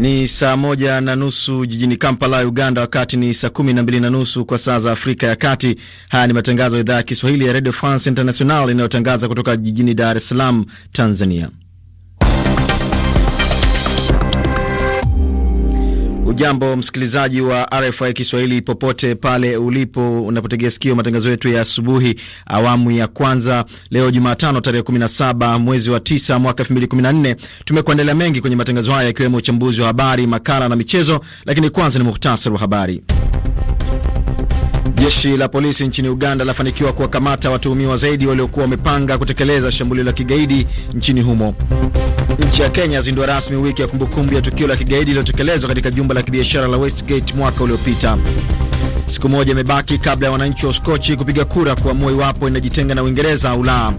Ni saa moja na nusu jijini Kampala, Uganda, wakati ni saa kumi na mbili na nusu kwa saa za Afrika ya Kati. Haya ni matangazo ya idhaa ya Kiswahili ya Radio France International inayotangaza kutoka jijini Dar es Salaam, Tanzania. Ujambo msikilizaji wa RFI Kiswahili popote pale ulipo, unapotegea sikio matangazo yetu ya asubuhi, awamu ya kwanza, leo Jumatano tarehe 17 mwezi wa 9 mwaka 2014. Tumekuandalia mengi kwenye matangazo haya, yakiwemo uchambuzi wa habari, makala na michezo, lakini kwanza ni muhtasari wa habari. Jeshi la polisi nchini Uganda lafanikiwa kuwakamata watuhumiwa zaidi waliokuwa wamepanga kutekeleza shambulio la kigaidi nchini humo. Nchi ya Kenya yazindua rasmi wiki ya kumbukumbu ya tukio la kigaidi lililotekelezwa katika jumba la kibiashara la Westgate mwaka uliopita. Siku moja imebaki kabla ya wananchi wa Uskochi kupiga kura kuamua iwapo inajitenga na Uingereza au la.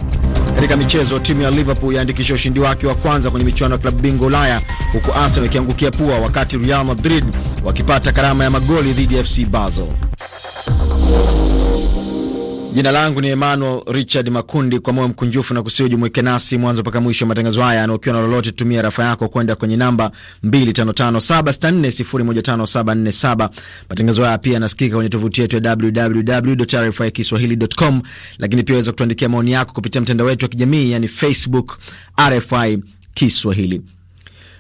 Katika michezo, timu ya Liverpool yaandikisha ushindi wake wa kwanza kwenye michuano ya klabu bingwa Ulaya, huku Arsenal ikiangukia pua, wakati Real Madrid wakipata karama ya magoli dhidi ya FC Basel. Jina langu ni Emmanuel Richard Makundi. Kwa moyo mkunjufu na kusii ujumuike nasi mwanzo mpaka mwisho wa matangazo haya, na ukiwa na lolote, tumia rafa yako kwenda kwenye namba 255764015747. Matangazo haya pia yanasikika kwenye tovuti yetu ya www RFI kiswahilicom, lakini pia waweza kutuandikia maoni yako kupitia mtandao wetu wa kijamii, yani Facebook RFI Kiswahili.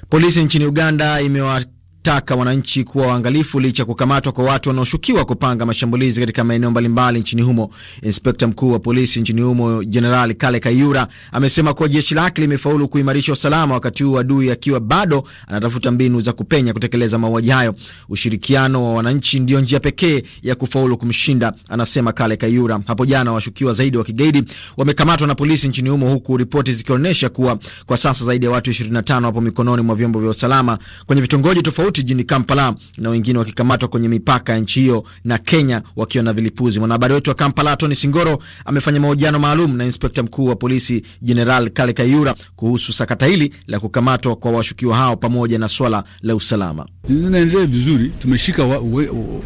Polisi nchini Uganda imewa taka wananchi kuwa waangalifu licha ya kukamatwa kwa watu wanaoshukiwa kupanga mashambulizi katika maeneo mbalimbali nchini humo. Inspekta mkuu wa polisi nchini humo Jenerali Kale Kayura amesema kuwa jeshi lake limefaulu kuimarisha usalama, wakati huu adui akiwa bado anatafuta mbinu za kupenya kutekeleza mauaji hayo. Ushirikiano wa wananchi ndiyo njia pekee ya kufaulu kumshinda, anasema Kale Kayura. Hapo jana washukiwa zaidi wa kigaidi wamekamatwa na polisi nchini humo, huku ripoti zikionyesha kuwa kwa sasa zaidi ya watu 25 wapo mikononi mwa vyombo vya usalama kwenye vitongoji tofauti tofauti jijini Kampala na wengine wakikamatwa kwenye mipaka ya nchi hiyo na Kenya wakiwa na vilipuzi. Mwanahabari wetu wa Kampala Tony Singoro amefanya mahojiano maalum na inspekta mkuu wa polisi general Kale Kayura kuhusu sakata hili la kukamatwa kwa washukiwa hao pamoja na swala la usalama. Linaendelea vizuri, tumeshika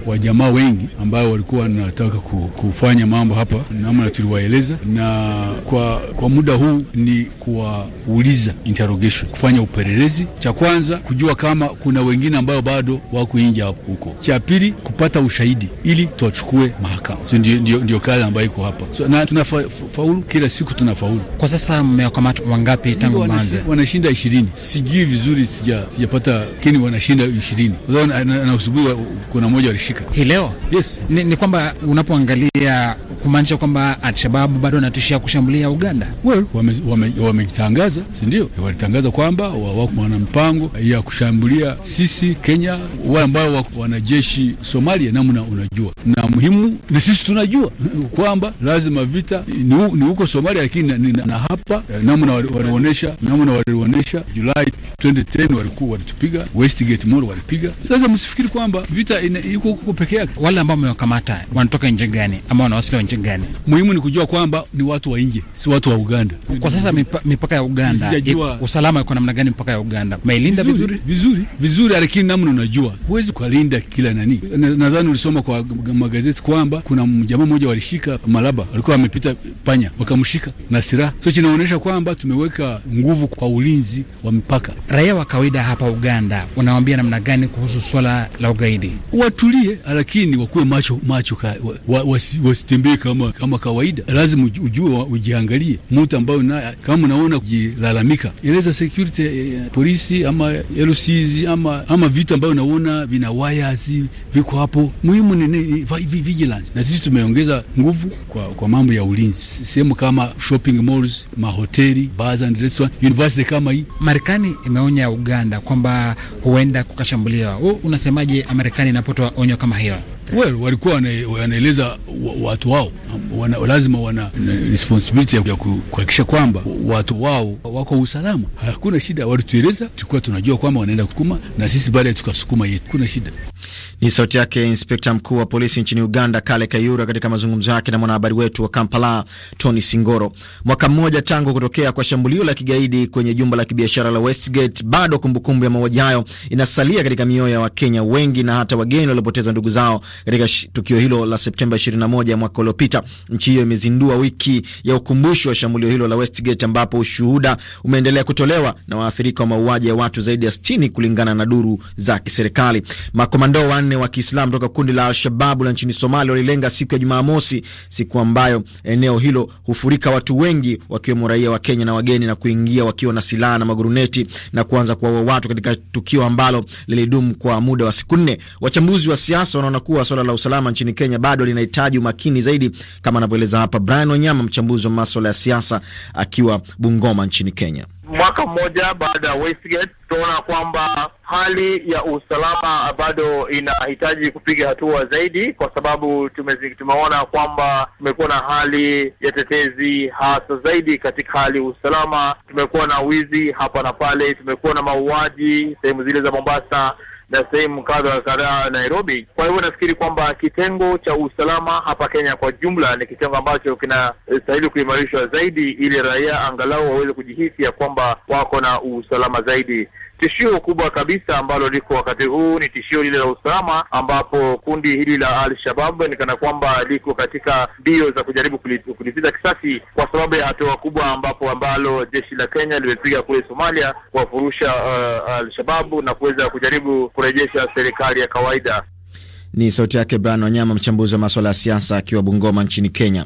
wajamaa wa, wa wengi ambayo walikuwa wanataka kufanya mambo hapa namna tuliwaeleza, na kwa, kwa muda huu ni kuwauliza interrogation, kufanya upelelezi, cha kwanza kujua kama kuna wengine wengine ambao bado wako nje huko. Cha pili kupata ushahidi ili tuwachukue mahakama, so ndio, ndio, ndio kazi ambayo iko hapa so, na tunafaulu kila siku tunafaulu. Kwa sasa mmewakamata wangapi tangu mwanzo? Wanashinda ishirini, sijui vizuri, sijapata lakini wanashinda ishirini na, na, na usubuhi kuna mmoja walishika hii leo. Yes, ni, ni kwamba unapoangalia kumaanisha kwamba Alshababu bado wanatishia kushambulia Uganda. Well, wamejitangaza wame, wame si ndio walitangaza kwamba wako wana mpango ya kushambulia sisi sisi Kenya, wale ambao wanajeshi Somalia, namna unajua na muhimu, na sisi tunajua kwamba lazima vita ni huko Somalia, lakini na hapa eh, namna walionyesha, namna walionyesha Julai 2010 walikuwa walitupiga, Westgate Mall walipiga. Sasa msifikiri kwamba vita iko huko peke yake. Wale ambao wamewakamata wanatoka nje gani, ama wanawasili nje gani? Muhimu ni kujua kwamba ni watu wa nje, si watu wa Uganda. Kwa sasa mipaka ya Uganda, usalama uko namna gani? Mpaka ya Uganda mailinda vizuri vizuri vizuri, vizuri lakini namna unajua huwezi kulinda kila nani. Nadhani na ulisoma kwa magazeti kwamba kuna jamaa mmoja walishika Malaba, walikuwa wamepita panya, wakamshika na silaha. So kinaonyesha kwamba tumeweka nguvu kwa ulinzi wa mipaka. Raia wa kawaida hapa Uganda unawambia namna gani kuhusu swala la ugaidi? Watulie, lakini wakuwe macho macho, wa, wasitembee wasi kama, kama kawaida. Lazima ujue ujiangalie, mtu ambayo naye kama unaona jilalamika, eleza security eh, polisi ama LCs ama, ama kama vitu ambavyo unaona vina wires viko hapo, muhimu ni vigilance. Na sisi tumeongeza nguvu kwa, kwa mambo ya ulinzi sehemu kama shopping malls, mahoteli, bars and restaurants, university kama hii. Marekani imeonya Uganda kwamba huenda kukashambuliwa. Wewe unasemaje Marekani inapotoa onyo kama hilo? well, walikuwa wanaeleza watu wao wana, lazima wana responsibility ya kuhakikisha kwamba watu wao wako usalama. Hakuna shida, walitueleza, tulikuwa tunajua kwamba wanaenda kusukuma na sisi baadaye tukasukuma yetu, kuna shida ni sauti yake inspekta mkuu wa polisi nchini Uganda, Kale Kayura, katika mazungumzo yake na mwanahabari wetu wa Kampala, Tony Singoro. Mwaka mmoja tangu kutokea kwa shambulio la kigaidi kwenye jumba la kibiashara la Westgate, bado kumbukumbu ya mauaji hayo inasalia katika mioyo ya Wakenya wengi na hata wageni waliopoteza ndugu zao katika tukio hilo la Septemba 21 mwaka uliopita. Nchi hiyo imezindua wiki ya ukumbusho wa shambulio hilo la Westgate, ambapo ushuhuda umeendelea kutolewa na waathirika wa mauaji ya watu zaidi ya 60 kulingana na duru za kiserikali. Makomando wanne wa Kiislamu kutoka kundi la Alshababu la nchini Somalia walilenga siku ya Jumamosi, siku ambayo eneo hilo hufurika watu wengi wakiwemo raia wa Kenya na wageni, na kuingia wakiwa na silaha na maguruneti na kuanza kuwaua watu katika tukio ambalo lilidumu kwa muda wa siku nne. Wachambuzi wa siasa wanaona kuwa swala la usalama nchini Kenya bado linahitaji umakini zaidi, kama anavyoeleza hapa Brian Wanyama, mchambuzi wa maswala ya siasa akiwa Bungoma nchini Kenya. Mwaka mmoja baada ya Westgate tunaona kwamba hali ya usalama bado inahitaji kupiga hatua zaidi, kwa sababu tumeona kwamba tumekuwa na hali ya tetezi hasa zaidi katika hali ya usalama. Tumekuwa na wizi hapa na pale, tumekuwa na mauaji sehemu zile za Mombasa na sehemu kadha wa kadhaa Nairobi. Kwa hivyo nafikiri kwamba kitengo cha usalama hapa Kenya kwa jumla ni kitengo ambacho kinastahili kuimarishwa zaidi, ili raia angalau waweze kujihisi ya kwamba wako na usalama zaidi. Tishio kubwa kabisa ambalo liko wakati huu ni tishio lile la usalama, ambapo kundi hili la Al-Shabab kana kwamba liko katika mbio za kujaribu kulipiza kisasi kwa sababu ya hatua kubwa ambapo ambalo jeshi la Kenya limepiga kule Somalia kuwafurusha uh, Al-Shababu na kuweza kujaribu kurejesha serikali ya kawaida. Ni sauti yake bran Wanyama, mchambuzi wa maswala ya siasa akiwa Bungoma nchini Kenya.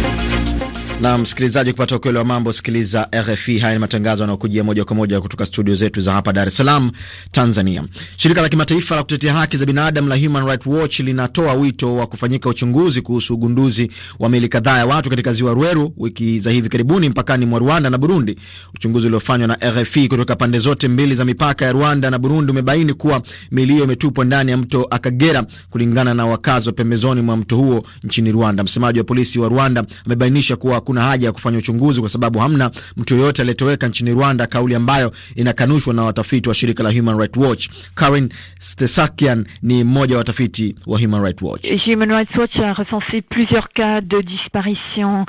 Na msikilizaji, kupata ukweli wa mambo, sikiliza RFI. Haya ni matangazo yanayokujia moja kwa moja kutoka studio zetu za hapa Dar es Salaam, Tanzania. Shirika la kimataifa la kutetea haki za binadamu la Human Rights Watch linatoa wito wa kufanyika uchunguzi kuhusu ugunduzi wa meli kadhaa ya watu katika ziwa Rweru wiki za hivi karibuni mpakani mwa Rwanda na Burundi. Uchunguzi uliofanywa na RFI kutoka pande zote mbili za mipaka ya Rwanda na Burundi umebaini kuwa meli hiyo imetupwa ndani ya mto Akagera, kulingana na wakazi wa pembezoni mwa mto huo nchini Rwanda. Msemaji wa polisi wa Rwanda amebainisha kuwa hakuna haja ya kufanya uchunguzi kwa sababu hamna mtu yoyote aliyetoweka nchini Rwanda, kauli ambayo inakanushwa na watafiti wa shirika la Human Rights Watch. Karin Stesakian ni mmoja wa watafiti wa Human Rights Watch. Human Rights Watch a recensé plusieurs cas de disparition.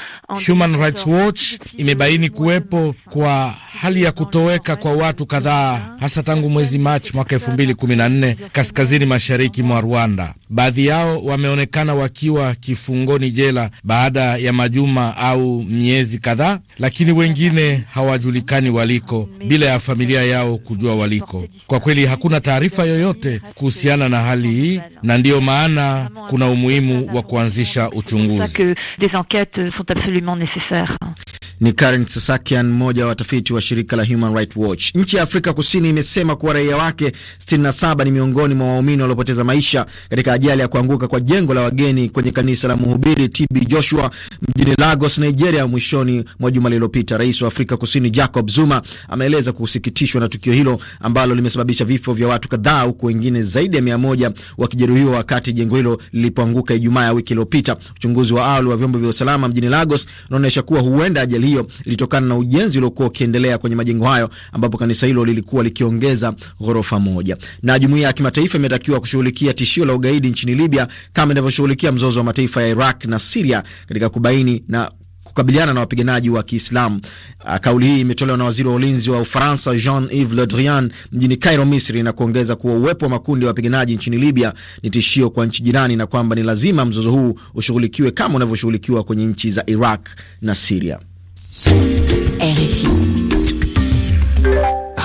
Human Rights Watch imebaini kuwepo kwa hali ya kutoweka kwa watu kadhaa hasa tangu mwezi Machi mwaka 2014 kaskazini mashariki mwa Rwanda. Baadhi yao wameonekana wakiwa kifungoni jela baada ya majuma au miezi kadhaa, lakini wengine hawajulikani waliko bila ya familia yao kujua waliko. Kwa kweli hakuna taarifa yoyote kuhusiana na hali hii, na ndiyo maana kuna umuhimu wa kuanzisha uchunguzi. Ni Karen Sasakian, mmoja wa watafiti wa shirika la Human Rights Watch. Nchi ya Afrika Kusini imesema kuwa raia wake 67 ni miongoni mwa waumini waliopoteza maisha katika ajali ya kuanguka kwa jengo la wageni kwenye kanisa la mhubiri TB Joshua mjini Lagos na Nigeria mwishoni mwa juma lililopita. Rais wa Afrika Kusini Jacob Zuma ameeleza kusikitishwa na tukio hilo ambalo limesababisha vifo vya watu kadhaa, huku wengine zaidi ya mia moja wakijeruhiwa wakati jengo hilo lilipoanguka Ijumaa ya wiki iliyopita. Uchunguzi wa awali wa vyombo vya usalama mjini Lagos unaonyesha kuwa huenda ajali hiyo ilitokana na ujenzi uliokuwa ukiendelea kwenye majengo hayo, ambapo kanisa hilo lilikuwa likiongeza ghorofa moja. Na jumuiya ya kimataifa imetakiwa kushughulikia tishio la ugaidi nchini Libya kama inavyoshughulikia mzozo wa mataifa ya Iraq na Siria katika kubaini na kukabiliana na wapiganaji wa Kiislamu. Ah, kauli hii imetolewa na waziri wa ulinzi wa Ufaransa Jean-Yves Le Drian mjini Cairo, Misri, na kuongeza kuwa uwepo wa makundi ya wapiganaji nchini Libya ni tishio kwa nchi jirani na kwamba ni lazima mzozo huu ushughulikiwe kama unavyoshughulikiwa kwenye nchi za Iraq na Siria. RFI.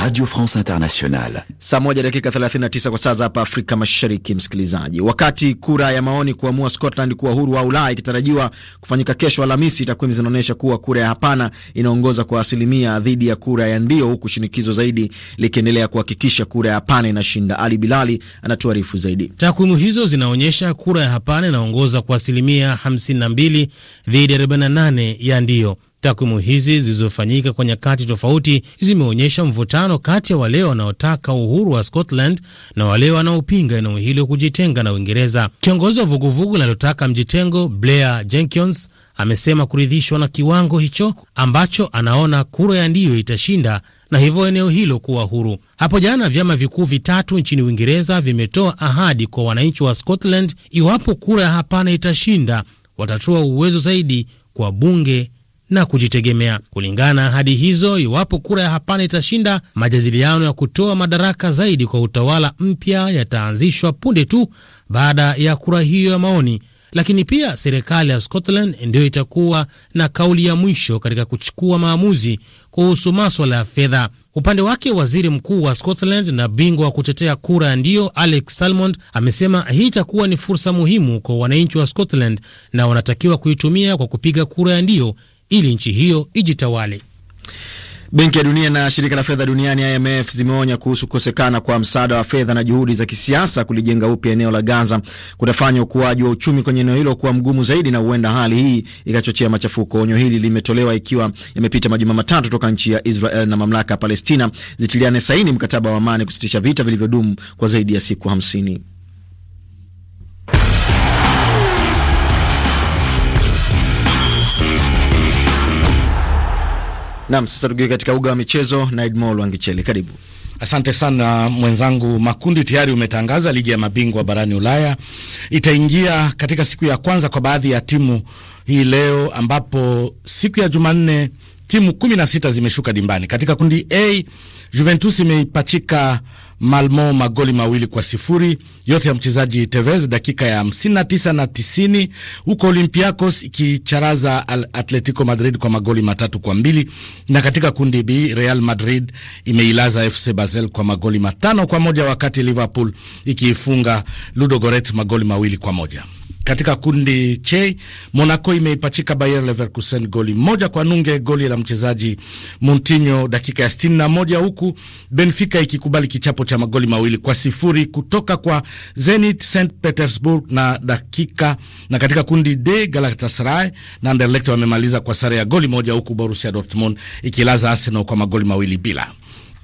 Radio France Internationale. Saa moja dakika 39 kwa saa za hapa Afrika Mashariki, msikilizaji. Wakati kura ya maoni kuamua Scotland kuwa huru wa Ulaya ikitarajiwa kufanyika kesho Alhamisi, takwimu zinaonyesha kuwa kura ya hapana inaongoza kwa asilimia dhidi ya kura ya ndio, huku shinikizo zaidi likiendelea kuhakikisha kura ya hapana inashinda. Ali Bilali anatuarifu zaidi. Takwimu hizo zinaonyesha kura ya hapana inaongoza kwa asilimia 52 dhidi ya 48 ya ndio. Takwimu hizi zilizofanyika kwa nyakati tofauti zimeonyesha mvutano kati ya wale wanaotaka uhuru wa Scotland na wale wanaopinga eneo hilo kujitenga na Uingereza. Kiongozi wa vuguvugu linalotaka mjitengo Blair Jenkins amesema kuridhishwa na kiwango hicho ambacho anaona kura ya ndiyo itashinda na hivyo eneo hilo kuwa huru. Hapo jana vyama vikuu vitatu nchini Uingereza vimetoa ahadi kwa wananchi wa Scotland, iwapo kura ya hapana itashinda, watatoa uwezo zaidi kwa bunge na kujitegemea. Kulingana na ahadi hizo, iwapo kura ya hapana itashinda, majadiliano ya kutoa madaraka zaidi kwa utawala mpya yataanzishwa punde tu baada ya kura hiyo ya maoni, lakini pia serikali ya Scotland ndiyo itakuwa na kauli ya mwisho katika kuchukua maamuzi kuhusu maswala ya fedha. Upande wake waziri mkuu wa Scotland na bingwa wa kutetea kura ndiyo Alex Salmond amesema hii itakuwa ni fursa muhimu kwa wananchi wa Scotland na wanatakiwa kuitumia kwa kupiga kura ya ndiyo ili nchi hiyo ijitawale. Benki ya Dunia na shirika la fedha duniani IMF zimeonya kuhusu kukosekana kwa msaada wa fedha na juhudi za kisiasa kulijenga upya eneo la Gaza kutafanya ukuaji wa uchumi kwenye eneo hilo kuwa mgumu zaidi, na huenda hali hii ikachochea machafuko. Onyo hili limetolewa ikiwa yamepita majuma matatu toka nchi ya Israel na mamlaka ya Palestina zitiliane saini mkataba wa amani kusitisha vita vilivyodumu kwa zaidi ya siku hamsini. Nam, sasa tukiwe katika uga wa michezo na Edmol Wangicheli, karibu. Asante sana mwenzangu. Makundi tayari umetangaza. Ligi ya mabingwa barani Ulaya itaingia katika siku ya kwanza kwa baadhi ya timu hii leo, ambapo siku ya Jumanne timu kumi na sita zimeshuka dimbani katika kundi A. Juventus imeipachika Malmo magoli mawili kwa sifuri yote ya mchezaji Tevez dakika ya 59 na 90, huko Olympiacos ikicharaza Atletico Madrid kwa magoli matatu kwa mbili na katika kundi B Real Madrid imeilaza FC Basel kwa magoli matano kwa moja wakati Liverpool ikiifunga Ludogorets magoli mawili kwa moja. Katika kundi C Monaco imeipachika Bayer Leverkusen goli moja kwa nunge, goli la mchezaji Montinho dakika ya moja huku Benfica ikikubali kichapo cha magoli mawili kwa sifuri kutoka kwa Zenit St Petersburg na dakika na katika kundi D Galatasaray na Anderlecht wamemaliza kwa sare ya goli moja, huku Borussia Dortmund ikilaza Arsenal kwa magoli mawili bila.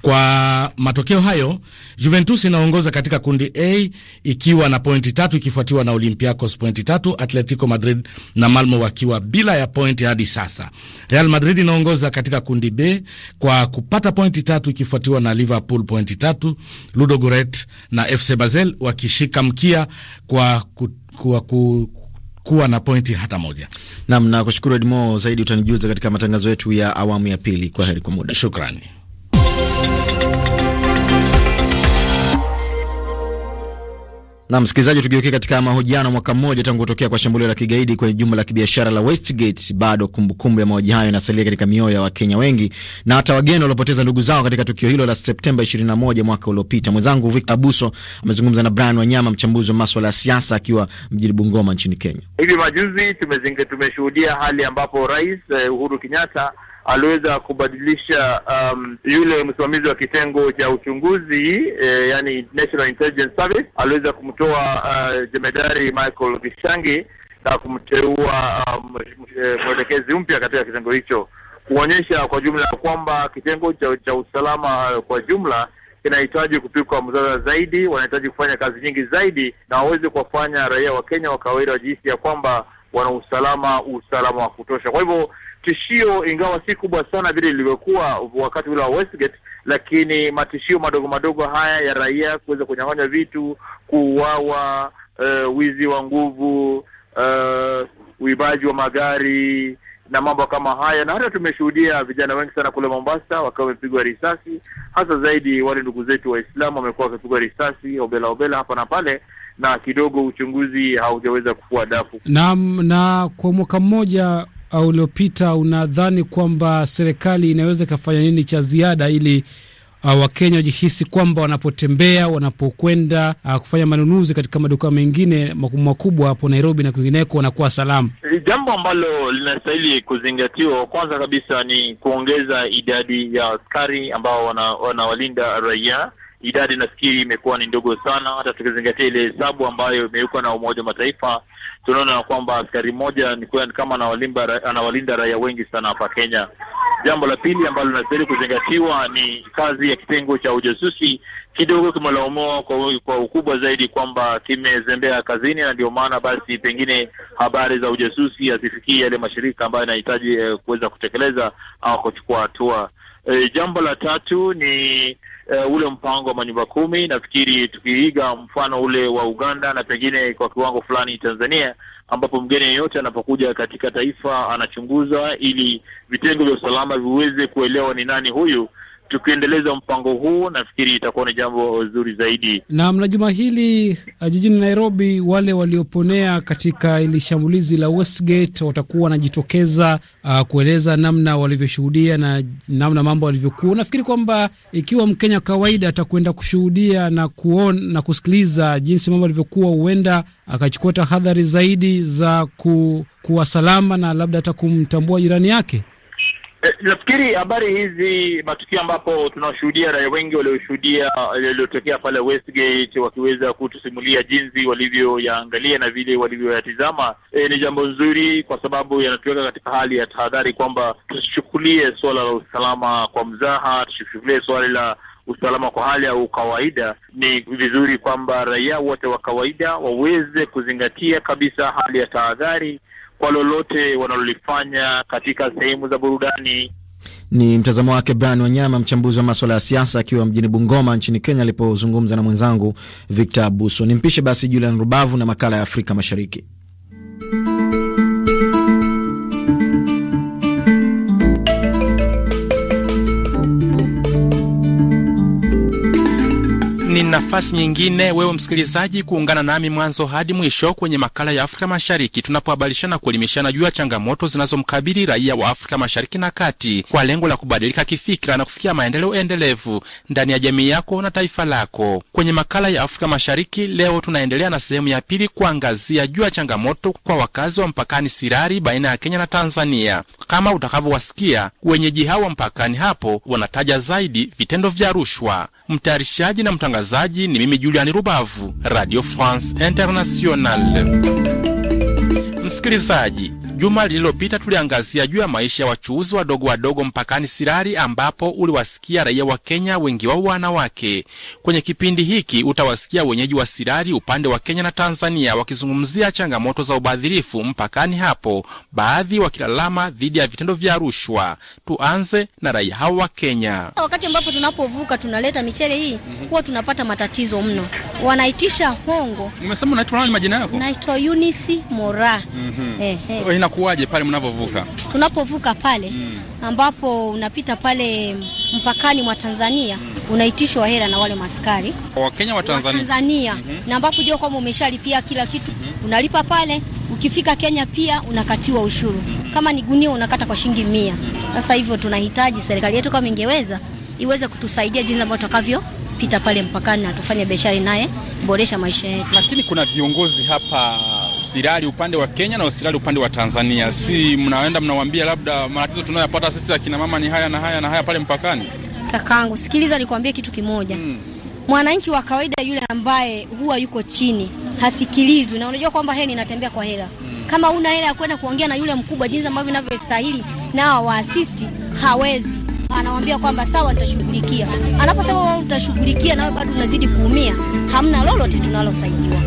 Kwa matokeo hayo Juventus inaongoza katika kundi A ikiwa na pointi tatu ikifuatiwa na Olympiacos pointi tatu, Atletico Madrid na Malmo wakiwa bila ya pointi hadi sasa. Real Madrid inaongoza katika kundi B kwa kupata pointi tatu ikifuatiwa na Liverpool pointi tatu, Ludo Goretz na FC Basel wakishika mkia kwa ku, kwa ku, kuwa na pointi hata moja. Naam, na kushukuru Edmo, zaidi utanijuza katika matangazo yetu ya awamu ya pili. Kwa heri kwa muda, shukrani. Na msikilizaji, tugeukie katika mahojiano. Mwaka mmoja tangu kutokea kwa shambulio la kigaidi kwenye jumba la kibiashara la Westgate, bado kumbukumbu ya mauaji hayo inasalia katika mioyo ya Wakenya wengi na hata wageni waliopoteza ndugu zao katika tukio hilo la Septemba 21 mwaka uliopita. Mwenzangu Victor Abuso amezungumza na Brian Wanyama, mchambuzi wa maswala ya siasa, akiwa mjini Bungoma nchini Kenya. Hivi majuzi tumeshuhudia hali ambapo Rais eh, Uhuru Kenyatta aliweza kubadilisha um, yule msimamizi wa kitengo cha uchunguzi eh, yani National Intelligence Service aliweza kumtoa uh, jemedari Michael Vishangi na kumteua um, eh, mwelekezi mpya katika kitengo hicho, kuonyesha kwa jumla ya kwamba kitengo cha, cha usalama uh, kwa jumla kinahitaji kupikwa mzaza zaidi, wanahitaji kufanya kazi nyingi zaidi, na waweze kuwafanya raia wa Kenya wa kawaida wajihisi ya kwamba wana usalama usalama wa kutosha. Kwa hivyo tishio, ingawa si kubwa sana vile lilivyokuwa wakati ule wa Westgate, lakini matishio madogo madogo haya ya raia kuweza kunyang'anywa vitu, kuuawa, uh, wizi wa nguvu, uh, uibaji wa magari na mambo kama haya, na hata tumeshuhudia vijana wengi sana kule Mombasa wakiwa wamepigwa risasi, hasa zaidi wale ndugu zetu Waislamu wamekuwa wakipigwa risasi obela obela hapa na pale, na kidogo uchunguzi haujaweza kufua dafu. Naam. Na kwa mwaka mmoja uliopita, unadhani kwamba serikali inaweza ikafanya nini cha ziada ili uh, Wakenya wajihisi kwamba wanapotembea, wanapokwenda uh, kufanya manunuzi katika maduka mengine makubwa makubwa hapo Nairobi na kwingineko wanakuwa salama? Eh, jambo ambalo linastahili kuzingatiwa kwanza kabisa ni kuongeza idadi ya askari ambao wanawalinda wana raia idadi nafikiri imekuwa ni ndogo sana, hata tukizingatia ile hesabu ambayo imewekwa na Umoja wa Mataifa tunaona kwamba askari mmoja ni kama anawalinda anawalinda raia wengi sana hapa Kenya. Jambo la pili ambalo linastahili kuzingatiwa ni kazi ya kitengo cha ujasusi. Kidogo kimelaumiwa kwa, kwa ukubwa zaidi kwamba kimezembea kazini, na ndio maana basi pengine habari za ujasusi hazifikii yale mashirika ambayo yanahitaji eh, kuweza kutekeleza au kuchukua hatua. E, jambo la tatu ni uh, ule mpango wa manyumba kumi. Nafikiri tukiiga mfano ule wa Uganda na pengine kwa kiwango fulani Tanzania, ambapo mgeni yeyote anapokuja katika taifa anachunguzwa ili vitengo vya usalama viweze kuelewa ni nani huyu tukiendeleza mpango huu nafikiri itakuwa ni jambo zuri zaidi. Naam. Na juma hili eh, jijini Nairobi, wale walioponea katika ili shambulizi la Westgate watakuwa wanajitokeza uh, kueleza namna walivyoshuhudia na namna mambo walivyokuwa. Nafikiri kwamba ikiwa Mkenya kawaida atakwenda kushuhudia na kuona na kusikiliza jinsi mambo alivyokuwa huenda akachukua tahadhari zaidi za ku, kuwa salama na labda hata kumtambua jirani yake. E, habari hizi matukio ambapo tunashuhudia raia wengi walioshuhudia eh, yaliyotokea pale Westgate wakiweza kutusimulia jinsi walivyoyaangalia na vile walivyoyatizama, e, ni jambo nzuri kwa sababu yanatuweka katika hali ya tahadhari kwamba tusichukulie suala la usalama kwa mzaha, tusichukulie suala la usalama kwa hali ya ukawaida. Ni vizuri kwamba raia wote wa kawaida waweze kuzingatia kabisa hali ya tahadhari kwa lolote wanalolifanya katika sehemu za burudani. Ni mtazamo wake Brian Wanyama, mchambuzi wa maswala ya siasa, akiwa mjini Bungoma nchini Kenya, alipozungumza na mwenzangu Victor Abuso. Nimpishe basi Julian Rubavu na makala ya Afrika Mashariki. nafasi nyingine wewe msikilizaji kuungana nami mwanzo hadi mwisho kwenye makala ya Afrika Mashariki tunapohabarishana kuelimishana juu ya changamoto zinazomkabili raia wa Afrika Mashariki na Kati kwa lengo la kubadilika kifikira na kufikia maendeleo endelevu ndani ya jamii yako na taifa lako. Kwenye makala ya Afrika Mashariki leo tunaendelea na sehemu ya pili kuangazia juu ya changamoto kwa wakazi wa mpakani Sirari baina ya Kenya na Tanzania. Kama utakavyowasikia wenyeji hao wa mpakani hapo wanataja zaidi vitendo vya rushwa. Mtayarishaji na mtangazaji ni mimi Juliani Rubavu, Radio France international Msikilizaji Juma lililopita tuliangazia juu ya maisha ya wachuuzi wadogo wadogo mpakani Sirari, ambapo uliwasikia raia wa Kenya, wengi wao wanawake. Kwenye kipindi hiki utawasikia wenyeji wa Sirari upande wa Kenya na Tanzania wakizungumzia changamoto za ubadhirifu mpakani hapo, baadhi wakilalama dhidi ya vitendo vya rushwa. Tuanze na raia hao wa Kenya. Wakati ambapo tunapovuka tunaleta michele hii, huwa tunapata matatizo mno, wanaitisha hongo. Umesema unaitwa nani majina yako? Naitwa Eunice Mora. mm -hmm. eh, eh inakuwaje pale mnapovuka? Tunapovuka pale mm. ambapo unapita pale mpakani mwa Tanzania mm. unaitishwa hela na wale maskari Kenya wa Tanzania, wa Tanzania. Mm -hmm. na ambapo jua kwamba umeshalipia kila kitu mm -hmm. unalipa pale, ukifika Kenya pia unakatiwa ushuru mm -hmm. kama ni gunia unakata kwa shilingi mia. Hmm. Sasa hivyo tunahitaji serikali yetu kama ingeweza iweze kutusaidia jinsi ambavyo tutakavyo pita pale mpakani na tufanye biashara naye boresha maisha yetu. Lakini kuna viongozi hapa silali upande wa Kenya na usilali upande wa Tanzania. Si mnaenda mnawaambia labda matatizo tunayopata sisi akina mama ni haya na haya na haya pale mpakani? Kakangu, sikiliza nikwambie kitu kimoja hmm. Mwananchi wa kawaida yule ambaye huwa yuko chini hasikilizwi, na unajua kwamba heni inatembea kwa hela hmm. Kama una hela ya kwenda kuongea na yule mkubwa jinsi ambavyo inavyostahili na waasisti, hawezi anawambia kwamba sawa, nitashughulikia. Anaposema utashughulikia, nawe bado unazidi kuumia, hamna lolote tunalosaidiwa.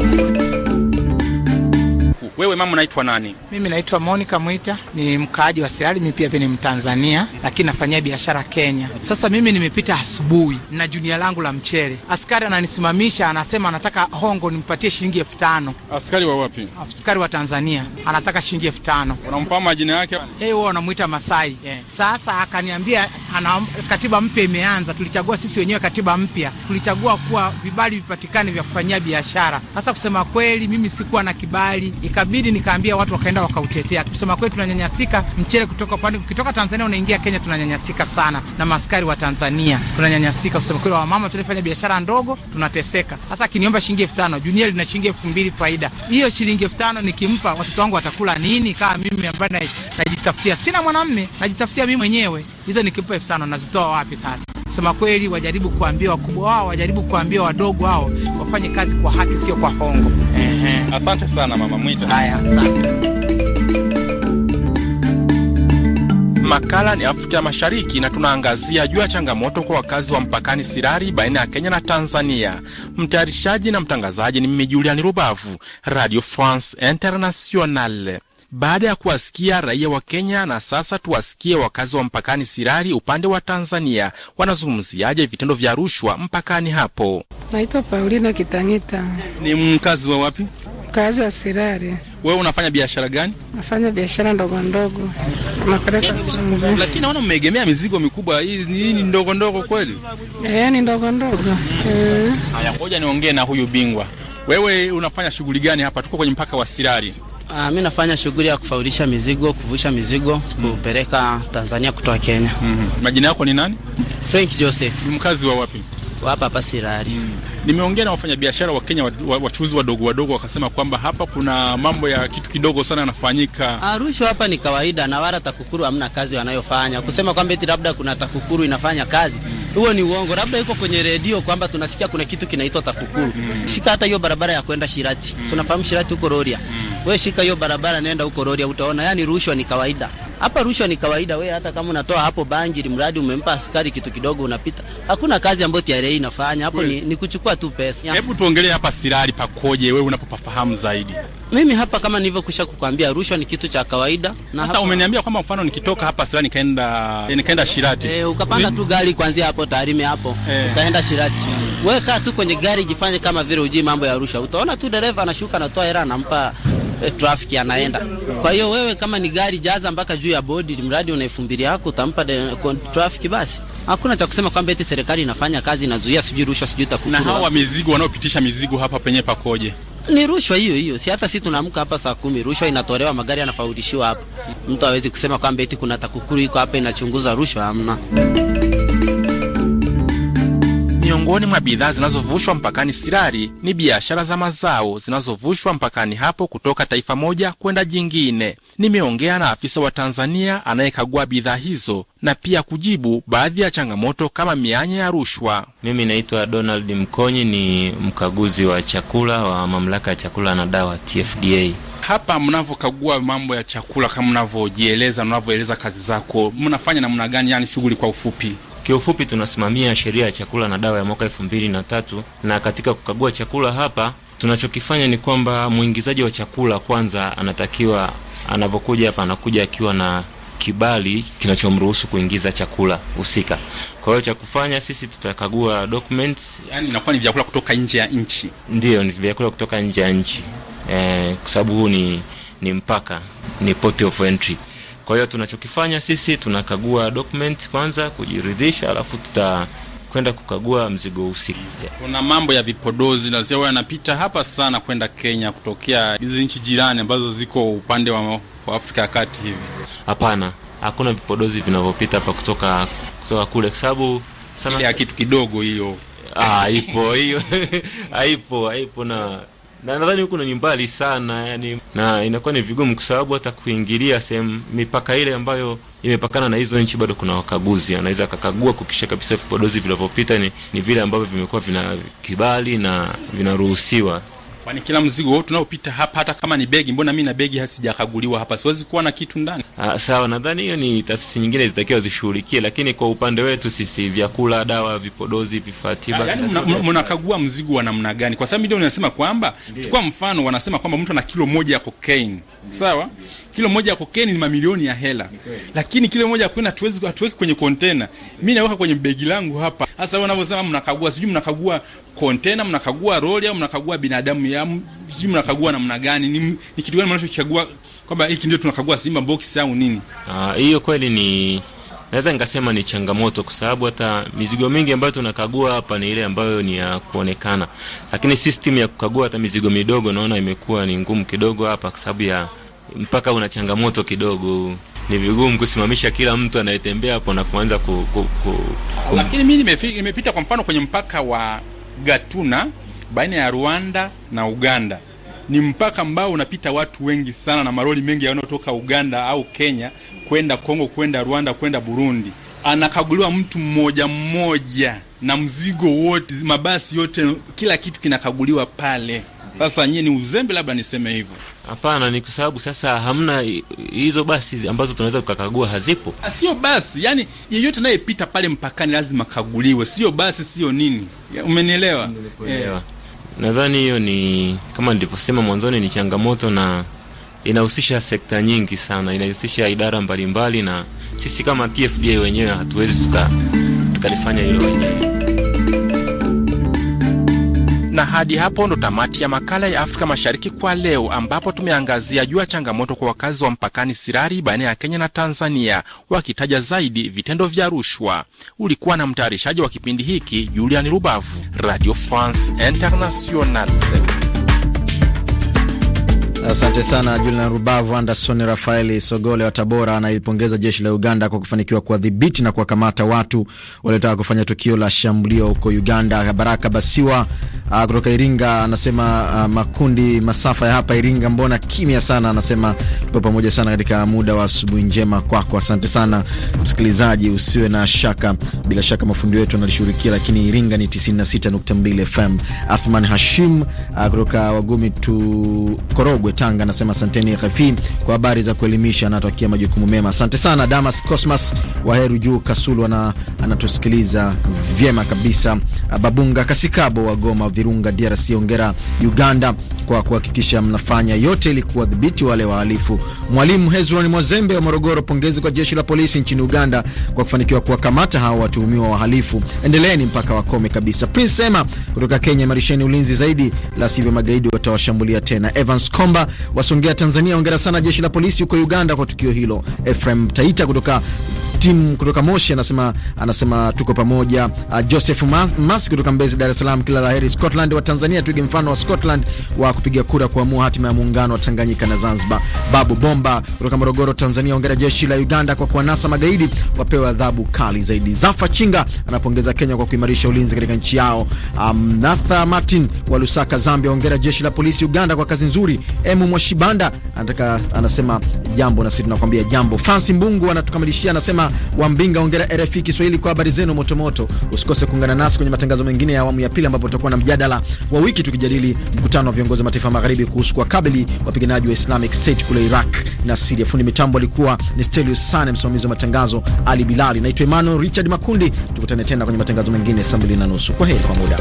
Wewe mama unaitwa nani? Mimi naitwa Monica Mwita, ni mkaaji wa Seali, mimi pia ni Mtanzania, lakini nafanyia biashara Kenya. Sasa mimi nimepita asubuhi na junia langu la mchele, askari ananisimamisha, anasema anataka hongo, nimpatie shilingi elfu tano. Askari wa wapi? Askari wa Tanzania, anataka shilingi elfu tano. Unampa majina yake? Yeye huwa anamwita Masai. Yeah. Sasa akaniambia ana katiba mpya imeanza, tulichagua sisi wenyewe katiba mpya, tulichagua kuwa vibali vipatikane vya kufanyia biashara. Sasa kusema kweli, mimi sikuwa na kibali, ikabidi nikaambia watu, wakaenda wakautetea. Kusema kweli, tunanyanyasika mchele kutoka pande, ukitoka Tanzania unaingia Kenya, tunanyanyasika sana na maskari wa Tanzania, tunanyanyasika kusema kweli. Wamama tunafanya biashara ndogo, tunateseka. Sasa akiniomba shilingi elfu tano junior lina shilingi elfu mbili faida, hiyo shilingi elfu tano nikimpa watoto wangu watakula nini? Kama mimi ambaye najitafutia, sina mwanamme, najitafutia mimi mwenyewe hizo nikipa elfu tano nazitoa wapi sasa? Sema kweli, wajaribu kuambia wakubwa wao, wajaribu kuambia wadogo wao wafanye kazi kwa haki, sio kwa hongo. Ehe, asante sana mama Mwita. Haya, asante. Makala ni Afrika Mashariki na tunaangazia juu ya changamoto kwa wakazi wa mpakani Sirari baina ya Kenya na Tanzania. Mtayarishaji na mtangazaji ni mimi Julian Rubavu, Radio France Internationale baada ya kuwasikia raia wa Kenya. Na sasa tuwasikie wakazi wa mpakani Sirari upande wa Tanzania wanazungumziaje vitendo vya rushwa mpakani hapo. Naitwa Paulina Kitangita, ni mkazi wa wapi? Mkazi wa Sirari. Wewe unafanya biashara gani? Nafanya biashara ndogo ndogo, napeleka mzigo. Lakini naona mmeegemea mizigo mikubwa, hii ni ndogo ndogo kweli? Eh, ni ndogo ndogo. Eh. Haya, ngoja niongee na huyu bingwa. Wewe unafanya shughuli gani hapa? Tuko kwenye mpaka wa Sirari. Uh, ah, mi nafanya shughuli ya kufaulisha mizigo, kuvusha mizigo, kupeleka Tanzania kutoa Kenya. Mm -hmm. Majina yako ni nani? Frank Joseph. Ni mkazi wa wapi? Hapa hapa Sirari. Mm. Nimeongea na wafanyabiashara wa Kenya, wachuuzi wadogo wadogo, wakasema kwamba hapa kuna mambo ya kitu kidogo sana yanafanyika. Ah, Rushwa hapa ni kawaida, na wala TAKUKURU hamna kazi wanayofanya. Kusema kwamba eti labda kuna TAKUKURU inafanya kazi, huo ni uongo. Labda iko kwenye redio kwamba tunasikia kuna kitu kinaitwa TAKUKURU. Mm. Shika hata hiyo barabara ya kwenda Shirati. Mm. Unafahamu Shirati huko Roria. Mm we shika hiyo barabara, nenda huko rodi, utaona. Yani rushwa ni kawaida hapa, rushwa ni kawaida. We hata kama unatoa hapo banjiri, mradi umempa askari kitu kidogo, unapita. Hakuna kazi ambayo TRA inafanya hapo, ni, ni kuchukua tu pesa. Hebu tuongelee hapa Sirari pakoje, wewe unapopafahamu zaidi? Mimi hapa kama nilivyokusha kukwambia, rushwa ni kitu cha kawaida. Na sasa hapa... umeniambia kwamba mfano nikitoka hapa Sirari nikaenda nikaenda Shirati Eh, ukapanda tu gari kuanzia hapo Tarime hapo eh, ukaenda Shirati e, wewe kaa tu kwenye gari, jifanye kama vile hujui mambo ya rushwa, utaona tu dereva anashuka, anatoa hela, anampa e, eh, trafiki anaenda. Kwa hiyo wewe kama ni gari, jaza mpaka juu ya bodi, mradi una elfu mbili yako utampa trafiki basi. Hakuna cha kusema kwamba eti serikali inafanya kazi inazuia sijui rushwa sijui TAKUKURU. Na hawa mizigo wanaopitisha mizigo hapa penye pakoje? Ni rushwa hiyo hiyo, si hata sisi tunaamka hapa saa kumi, rushwa inatolewa, magari yanafaulishiwa hapa. Mtu hawezi kusema kwamba eti kuna TAKUKURU iko hapa inachunguza rushwa, hamna. Miongoni mwa bidhaa zinazovushwa mpakani Sirari ni biashara za mazao zinazovushwa mpakani hapo kutoka taifa moja kwenda jingine. Nimeongea na afisa wa Tanzania anayekagua bidhaa hizo na pia kujibu baadhi ya changamoto kama mianya ya rushwa. Mimi naitwa Donald Mkonyi, ni mkaguzi wa chakula wa mamlaka ya chakula na dawa TFDA. Hapa mnavyokagua mambo ya chakula, kama mnavyojieleza, mnavyoeleza kazi zako, mnafanya namna gani, yani shughuli kwa ufupi? Kiufupi, tunasimamia sheria ya chakula na dawa ya mwaka elfu mbili na tatu na katika kukagua chakula hapa tunachokifanya ni kwamba mwingizaji wa chakula kwanza anatakiwa anavyokuja hapa, anakuja akiwa na kibali kinachomruhusu kuingiza chakula husika. Kwa hiyo cha kufanya sisi tutakagua documents, yani inakuwa ni vyakula kutoka nje ya nchi, ndio ni vyakula kutoka nje ya nchi eh, kwa sababu huu ni, ni mpaka ni port of entry. Kwa hiyo tunachokifanya sisi tunakagua document kwanza kujiridhisha, alafu tuta kwenda kukagua mzigo husika. Kuna mambo ya vipodozi lazima yanapita hapa sana kwenda Kenya kutokea hizi nchi jirani ambazo ziko upande wa Afrika ya kati hivi. Hapana, hakuna vipodozi vinavyopita hapa kutoka kutoka kule, kwa sababu sana ya kitu kidogo hiyo. Ah, ipo hiyo haipo haipo na na nadhani huku ni mbali sana yani, na inakuwa ni vigumu kwa sababu hata kuingilia sehemu mipaka ile ambayo imepakana na hizo nchi bado kuna wakaguzi, anaweza akakagua kukisha kabisa vipodozi vinavyopita ni, ni vile ambavyo vimekuwa vina kibali na vinaruhusiwa. Kwani kila mzigo tunaopita hapa, hata kama ni begi, mbona mimi na begi hasijakaguliwa hapa, siwezi kuwa na kitu ndani? Ah, sawa, nadhani hiyo ni taasisi nyingine zitakiwa zishughulikie, lakini kwa upande wetu sisi, vyakula, dawa, vipodozi, vifaa tiba, yaani mnakagua mzigo wa namna gani? Kwa sababu ndio unasema kwamba, chukua mfano, wanasema kwamba mtu ana kilo moja ya cocaine Sawa, kilo moja ya kokeni ni mamilioni ya hela, lakini kilo moja ya kokeni hatuwezi hatuweki kwenye kontena. Mimi naweka kwenye begi langu hapa. Sasa wanavyosema mnakagua, sijui mnakagua kontena, mnakagua roli au mnakagua binadamu ya sijui mnakagua namna gani? Ni, ni kitu gani mnachokikagua kwamba hiki ndio tunakagua Simba box au nini? Ah, hiyo kweli ni naweza nikasema ni changamoto, kwa sababu hata mizigo mingi ambayo tunakagua hapa ni ile ambayo ni ya kuonekana, lakini system ya kukagua hata mizigo midogo naona imekuwa ni ngumu kidogo hapa, kwa sababu ya mpaka una changamoto kidogo ni vigumu kusimamisha kila mtu anayetembea hapo na kuanza ku, ku, ku, ku. Lakini mimi nimepita kwa mfano kwenye mpaka wa Gatuna baina ya Rwanda na Uganda. Ni mpaka ambao unapita watu wengi sana na maroli mengi yanayotoka Uganda au Kenya kwenda Kongo, kwenda Rwanda, kwenda Burundi. Anakaguliwa mtu mmoja mmoja na mzigo wote, mabasi yote, kila kitu kinakaguliwa pale. Sasa nyie ni uzembe, labda niseme hivyo. Hapana, ni kwa sababu sasa hamna hizo basi ambazo tunaweza kukakagua, hazipo. Ah, sio basi, yani yeyote anayepita pale mpakani lazima kaguliwe, sio basi, sio nini, umenielewa? Yeah. Nadhani hiyo ni kama nilivyosema mwanzoni, ni changamoto na inahusisha sekta nyingi sana, inahusisha idara mbalimbali mbali, na sisi kama TFDA wenyewe hatuwezi tukalifanya tuka hilo wenyewe. Na hadi hapo ndo tamati ya makala ya Afrika Mashariki kwa leo, ambapo tumeangazia juu ya changamoto kwa wakazi wa mpakani Sirari baina ya Kenya na Tanzania, wakitaja zaidi vitendo vya rushwa. Ulikuwa na mtayarishaji wa kipindi hiki Julian Rubavu, Radio France International. Asante sana Julian Rubavu. Anderson Rafaeli Sogole wa Tabora anaipongeza jeshi la Uganda kwa kufanikiwa kuwadhibiti na kuwakamata watu waliotaka kufanya tukio la shambulio huko Uganda. Baraka Basiwa uh, kutoka Iringa anasema uh, makundi masafa ya hapa Iringa mbona kimya sana, anasema tupo pamoja sana katika muda wa asubuhi njema kwako kwa. Asante sana msikilizaji, usiwe na shaka, bila shaka mafundi wetu analishughulikia, lakini Iringa ni 96.2 FM. Athman Hashim uh, kutoka Wagumi tu Korogwe Tanga anasema asanteni RFI kwa habari za kuelimisha, anatakia majukumu mema. Asante sana Damas Cosmas Waheru juu Kasulu ana, anatusikiliza vyema kabisa. Babunga Kasikabo wa Goma Virunga DRC, ongera Uganda kwa kuhakikisha mnafanya yote ili kuwadhibiti wale wahalifu. Mwalimu Hezron Mwazembe wa Morogoro, pongezi kwa jeshi la polisi nchini Uganda kwa kufanikiwa kuwakamata hao watuhumiwa wahalifu. Endeleeni mpaka wakome kabisa. Prince Sema kutoka Kenya, imarisheni ulinzi zaidi, la sivyo magaidi watawashambulia tena. Evans Komba wasongea wa Songea, Tanzania. Hongera sana jeshi la polisi huko Uganda kwa tukio hilo. Efrem Taita kutoka Tim kutoka Moshi anasema anasema tuko pamoja. Uh, Joseph Mas, Mas kutoka Mbezi, Dar es Salaam, kila la heri Scotland. Wa Tanzania tuige mfano wa Scotland wa kupiga kura kuamua hatima ya muungano wa Tanganyika na Zanzibar. Babu Bomba kutoka Morogoro, Tanzania, ongera jeshi la Uganda kwa kuwanasa magaidi, wapewe adhabu kali zaidi. Zafa Chinga anapongeza Kenya kwa kuimarisha ulinzi katika nchi yao. Um, Natha Martin wa Lusaka, Zambia, ongera jeshi la polisi Uganda kwa kazi nzuri. Emu Mwashibanda anataka anasema jambo na sisi tunakwambia jambo. Fancy Mbungu anatukamilishia anasema wa Mbinga. Ongera RFI Kiswahili kwa habari zenu motomoto. Usikose kuungana nasi kwenye matangazo mengine ya awamu ya pili, ambapo tutakuwa na mjadala wa wiki tukijadili mkutano wa viongozi wa mataifa magharibi kuhusu kuwakabili wapiganaji wa Islamic State kule Iraq na Siria. Fundi mitambo alikuwa ni Stelius Sane, msimamizi wa matangazo Ali Bilali. Naitwa Emmanuel Richard Makundi. Tukutane tena kwenye matangazo mengine saa mbili na nusu. Kwa heri kwa muda.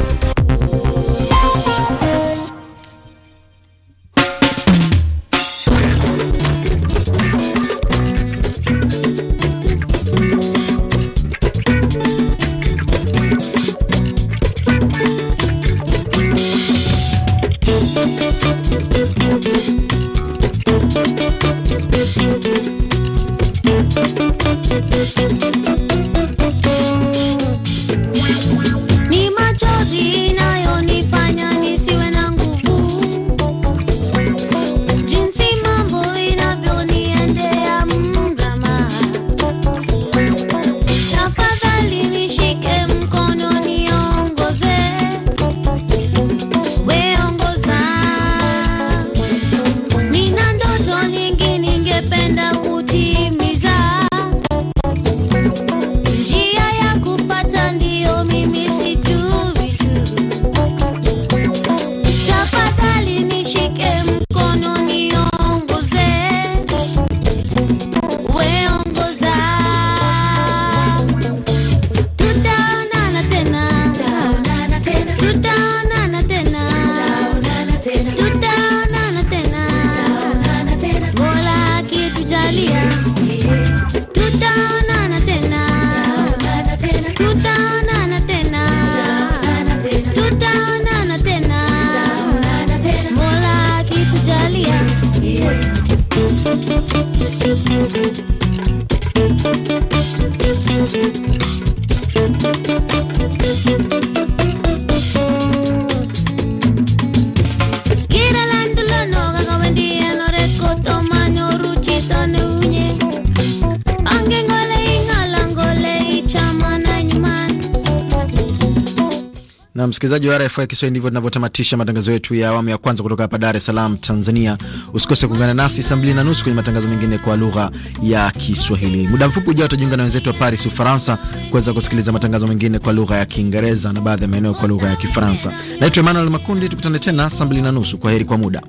Msikilizaji wa RFI Kiswahili, ndivyo tunavyotamatisha matangazo yetu ya awamu ya kwanza kutoka hapa Dar es Salaam, Tanzania. Usikose kuungana nasi saa mbili na nusu kwenye matangazo mengine kwa lugha ya Kiswahili. Muda mfupi ujao utajiunga na wenzetu wa Paris, Ufaransa, kuweza kusikiliza matangazo mengine kwa lugha ya Kiingereza na baadhi ya maeneo kwa lugha ya Kifaransa. Naitwa Emmanuel Makundi, tukutane tena saa mbili na nusu. Kwa heri kwa muda.